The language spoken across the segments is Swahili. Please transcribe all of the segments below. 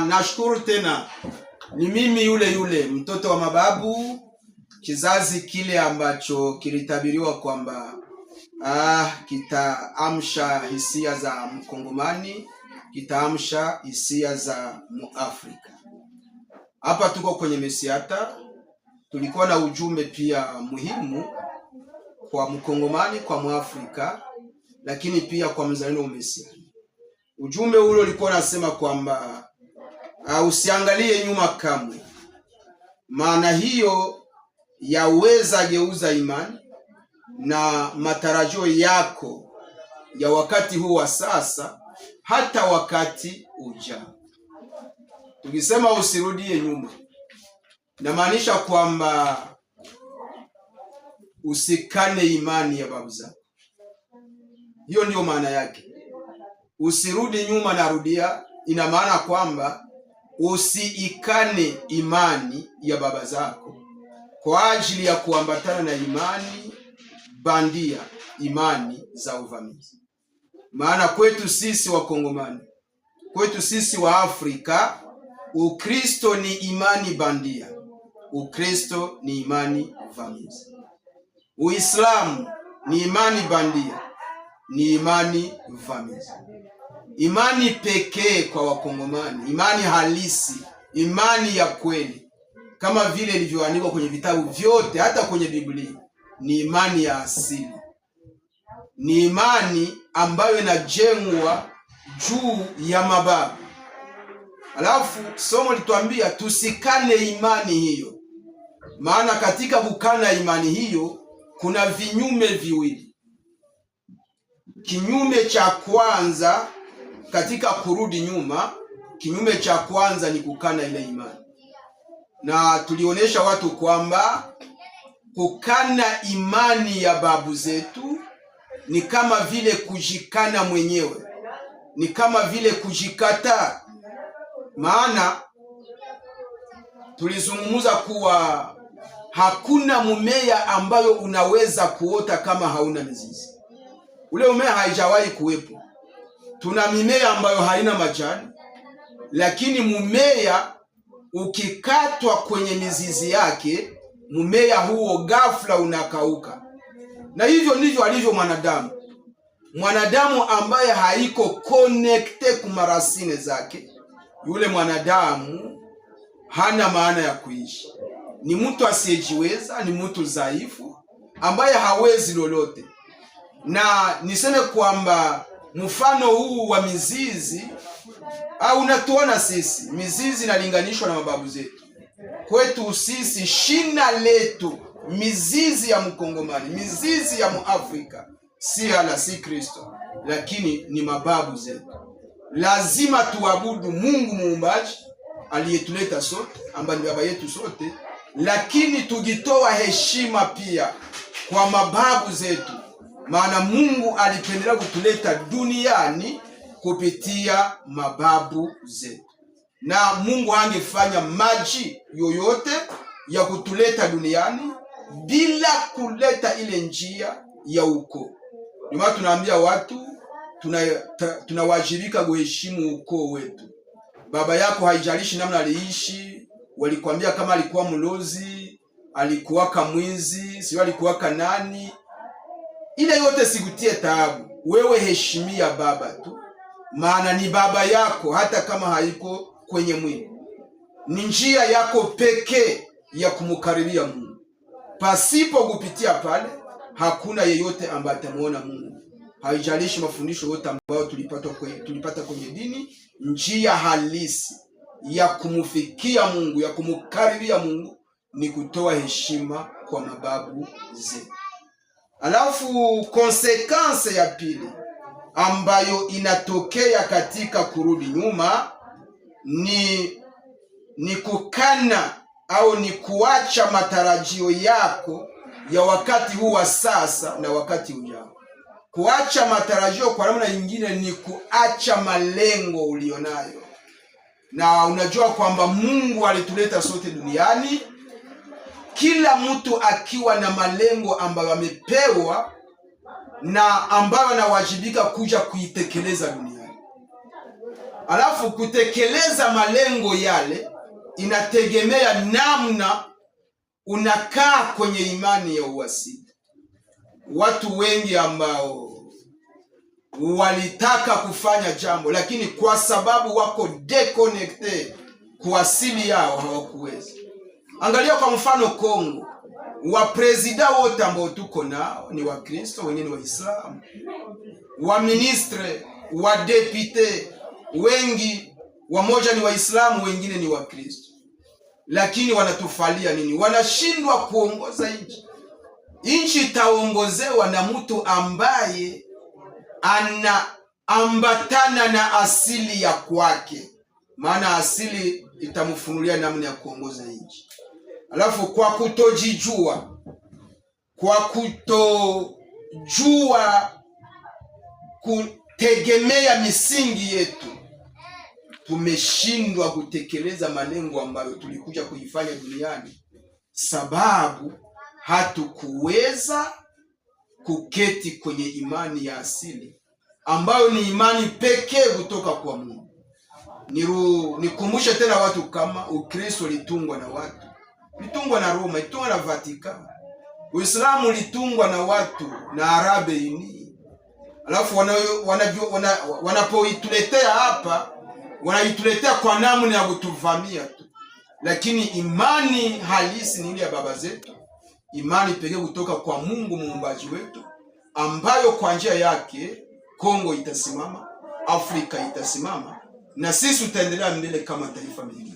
nashukuru tena, ni mimi yule yule mtoto wa mababu, kizazi kile ambacho kilitabiriwa kwamba ah, kitaamsha hisia za Mkongomani, kitaamsha hisia za Muafrika. Hapa tuko kwenye Mesiata, tulikuwa na ujumbe pia muhimu kwa Mkongomani, kwa Mwafrika, lakini pia kwa mzalendo wa Ujumbe ule ulikuwa unasema kwamba uh, usiangalie nyuma kamwe. Maana hiyo yaweza geuza imani na matarajio yako ya wakati huu wa sasa hata wakati ujao. Tukisema usirudie nyuma, namaanisha kwamba usikane imani ya babu zako. Hiyo ndiyo maana yake, usirudi nyuma. Narudia, ina maana kwamba usiikane imani ya baba zako kwa ajili ya kuambatana na imani bandia, imani za uvamizi. Maana kwetu sisi Wakongomani, kwetu sisi wa Afrika, Ukristo ni imani bandia, Ukristo ni imani vamizi. Uislamu ni imani bandia, ni imani vamizi imani pekee kwa Wakongomani, imani halisi, imani ya kweli, kama vile ilivyoandikwa kwenye vitabu vyote, hata kwenye Biblia, ni imani ya asili, ni imani ambayo inajengwa juu ya mababu. Alafu somo litwambia tusikane imani hiyo, maana katika kukana imani hiyo kuna vinyume viwili. Kinyume cha kwanza katika kurudi nyuma, kinyume cha kwanza ni kukana ile imani, na tulionyesha watu kwamba kukana imani ya babu zetu ni kama vile kujikana mwenyewe, ni kama vile kujikata. Maana tulizungumza kuwa hakuna mmea ambayo unaweza kuota kama hauna mizizi. Ule mmea haijawahi kuwepo. Tuna mimea ambayo haina majani, lakini mumea ukikatwa kwenye mizizi yake, mumea huo ghafla unakauka. Na hivyo ndivyo alivyo mwanadamu. Mwanadamu ambaye haiko connecte kumarasine zake, yule mwanadamu hana maana ya kuishi. Ni mtu asiyejiweza, ni mtu dhaifu ambaye hawezi lolote, na niseme kwamba Mfano huu wa mizizi au unatuona sisi, mizizi inalinganishwa na mababu zetu. Kwetu sisi shina letu mizizi ya Mkongomani, mizizi ya Muafrika si hala si Kristo, lakini ni mababu zetu. Lazima tuabudu Mungu muumbaji aliyetuleta sote, ambaye ni baba yetu sote, lakini tugitoa heshima pia kwa mababu zetu maana Mungu alipendelea kutuleta duniani kupitia mababu zetu, na Mungu angefanya maji yoyote ya kutuleta duniani bila kuleta ile njia ya uko Ndio maana tunaambia watu tunawajibika, tuna kuheshimu ukoo wetu. Baba yako haijalishi namna aliishi, walikwambia kama alikuwa mlozi, alikuwa kamwizi, sio alikuwa kanani ile yote sikutie taabu, wewe heshimia baba tu, maana ni baba yako, hata kama haiko kwenye mwili. Ni njia yako pekee ya kumkaribia Mungu. Pasipo kupitia pale, hakuna yeyote ambaye atamuona Mungu. Haijalishi mafundisho yote ambayo tulipata kwenye, tulipata kwenye dini, njia halisi ya kumfikia Mungu, ya kumkaribia Mungu ni kutoa heshima kwa mababu zetu. Alafu konsekansi ya pili ambayo inatokea katika kurudi nyuma ni ni kukana au ni kuacha matarajio yako ya wakati huu wa sasa na wakati ujao. Kuacha matarajio kwa namna nyingine ni kuacha malengo ulionayo, na unajua kwamba Mungu alituleta sote duniani kila mtu akiwa na malengo ambayo amepewa na ambayo anawajibika kuja kuitekeleza duniani. Alafu kutekeleza malengo yale inategemea namna unakaa kwenye imani ya uasili. Watu wengi ambao walitaka kufanya jambo, lakini kwa sababu wako deconnected asili yao hawakuweza Angalia kwa mfano Kongo, wapresida wote ambao tuko nao ni Wakristo, wengine Waislamu, waministre, wadepute wengi, wamoja ni Waislamu, wengine ni Wakristo, lakini wanatufalia nini? Wanashindwa kuongoza nchi. Nchi itaongozewa na mtu ambaye anaambatana na asili ya kwake, maana asili itamfunulia namna ya kuongoza nchi. Alafu kwa kutojijua, kwa kutojua kutegemea misingi yetu, tumeshindwa kutekeleza malengo ambayo tulikuja kuifanya duniani, sababu hatukuweza kuketi kwenye imani ya asili ambayo ni imani pekee kutoka kwa Mungu. nikumbushe tena watu kama Ukristo ulitungwa na watu litungwa na Roma, litungwa na Vatikani. Uislamu litungwa na watu na arabe ini alafu wanapoituletea wana, wana, wana hapa wanaituletea kwa namna ya kutuvamia tu, lakini imani halisi ni ile ya baba zetu, imani pekee kutoka kwa Mungu muumbaji wetu, ambayo kwa njia yake Kongo itasimama, Afrika itasimama na sisi tutaendelea mbele kama taifa mingine.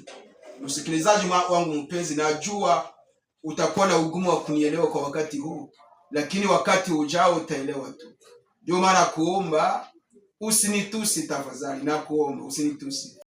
Msikilizaji wangu mpenzi, najua utakuwa na ugumu wa kunielewa kwa wakati huu, lakini wakati ujao utaelewa tu. Ndio maana kuomba, usinitusi tafadhali, nakuomba usinitusi.